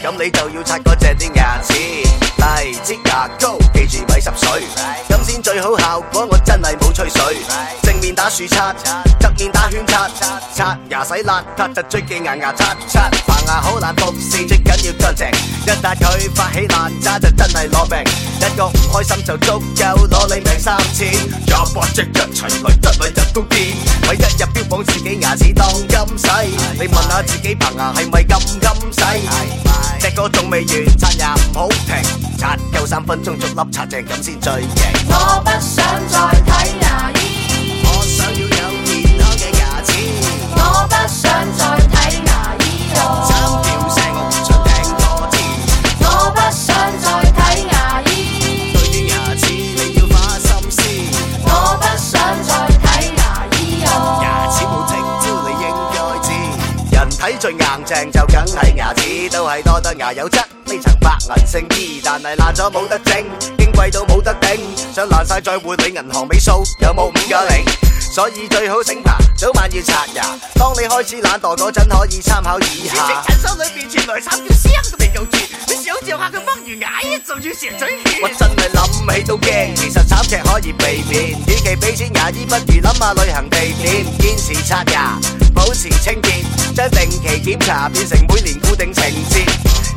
咁你就要刷嗰隻啲牙齒，係支牙膏，記住咪濕水，咁先最好效果。我真係冇吹水，正面打豎刷，側面打圈刷，刷牙洗邋遢就追忌牙牙刷。刷棚牙好難服侍，最緊要強正。一旦佢發起爛渣就真係攞命，一個唔開心就足夠攞你命三千，廿八隻一齊嚟得咪入都邊？咪一日標榜自己牙齒當金使，你問下自己棚牙係咪咁金使？隻歌仲未完，刷牙唔好停，刷夠三分鐘，逐粒刷淨咁先最型。我不想再睇呀。最硬淨就梗係牙齒，都係多得牙有質，未曾白銀勝衣，但係爛咗冇得整，矜貴到冇得頂，想爛晒再換你銀行尾數，有冇五加零？所以最好醒牙，早晚要刷牙。當你開始懶惰嗰陣，可以參考以下。診症室裏邊傳來慘叫聲都未夠絕，你想像下佢掹完牙仲要成嘴血？我真係諗起都驚，其實慘劇可以避免。與其俾錢牙醫，不如諗下旅行地點。堅持刷牙，保持清潔，將定期檢查變成每年固定情節。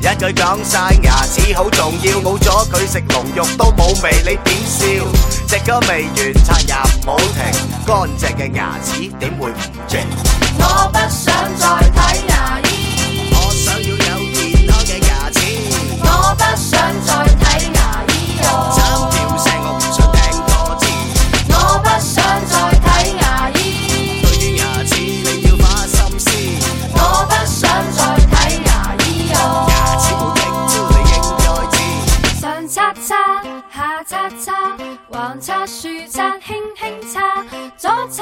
一句講晒，牙齒好重要，冇咗佢食龍肉都冇味，你點笑？支歌未完，刷牙唔好停，哥。只嘅牙齒點會唔正？我不想再睇牙醫，我想要有健康嘅牙齒。我不想再睇牙醫，哦。